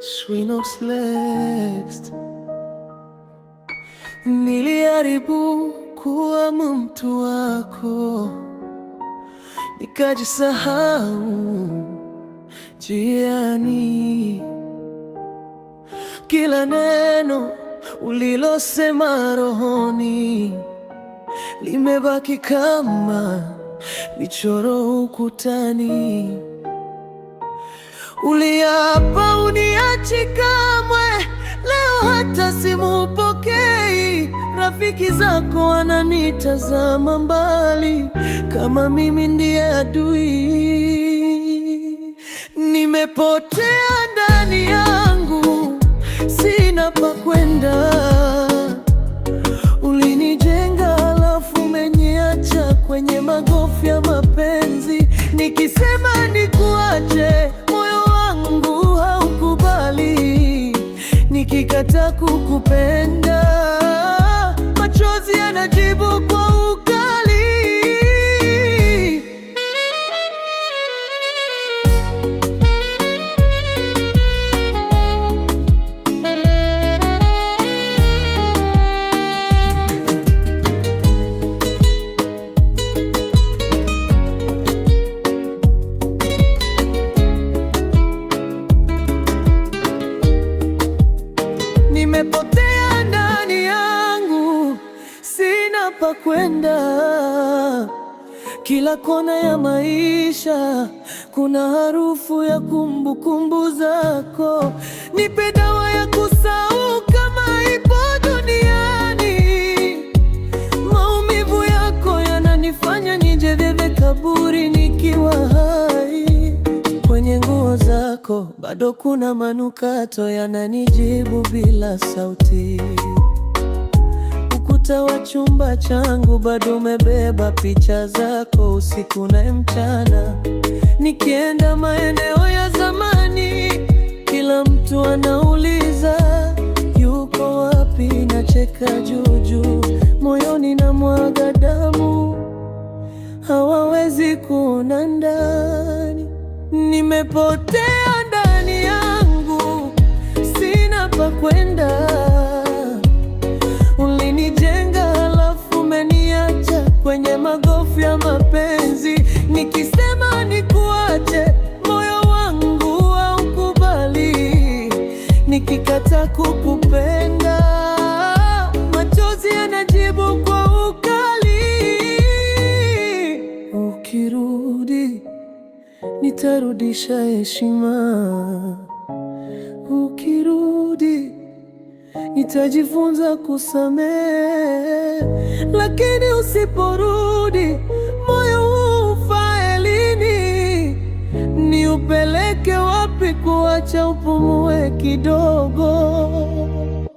Shwinos lest nilijaribu kuwa mtu wako, nikajisahau jiani. Kila neno ulilosema rohoni limebaki kama michoro ukutani. Uliapa rafiki zako wananitazama mbali, kama mimi ndiye adui. Nimepotea ndani yangu, sina pa kwenda. Ulinijenga halafu umeniacha kwenye magofu ya mapenzi. Nikisema nikuache, moyo wangu haukubali, nikikataa kukupenda jibu kwa pa kwenda. Kila kona ya maisha kuna harufu ya kumbukumbu zako. Nipe dawa ya kusahau kama ipo duniani. Maumivu yako yananifanya nijeveve kaburi nikiwa hai. Kwenye nguo zako bado kuna manukato yananijibu bila sauti. Ukuta wa chumba changu bado umebeba picha zako usiku na mchana. Nikienda maeneo ya zamani, kila mtu anauliza yuko wapi? Nacheka juujuu, moyoni na mwaga damu, hawawezi kuona ndani, nimepotea mapenzi, nikisema nikuache, moyo wangu haukubali, nikikata kukupenda, machozi yanajibu kwa ukali. Ukirudi nitarudisha heshima, ukirudi nitajifunza kusamehe, lakini usiporudi Nikupeleke wapi kuacha upumue kidogo?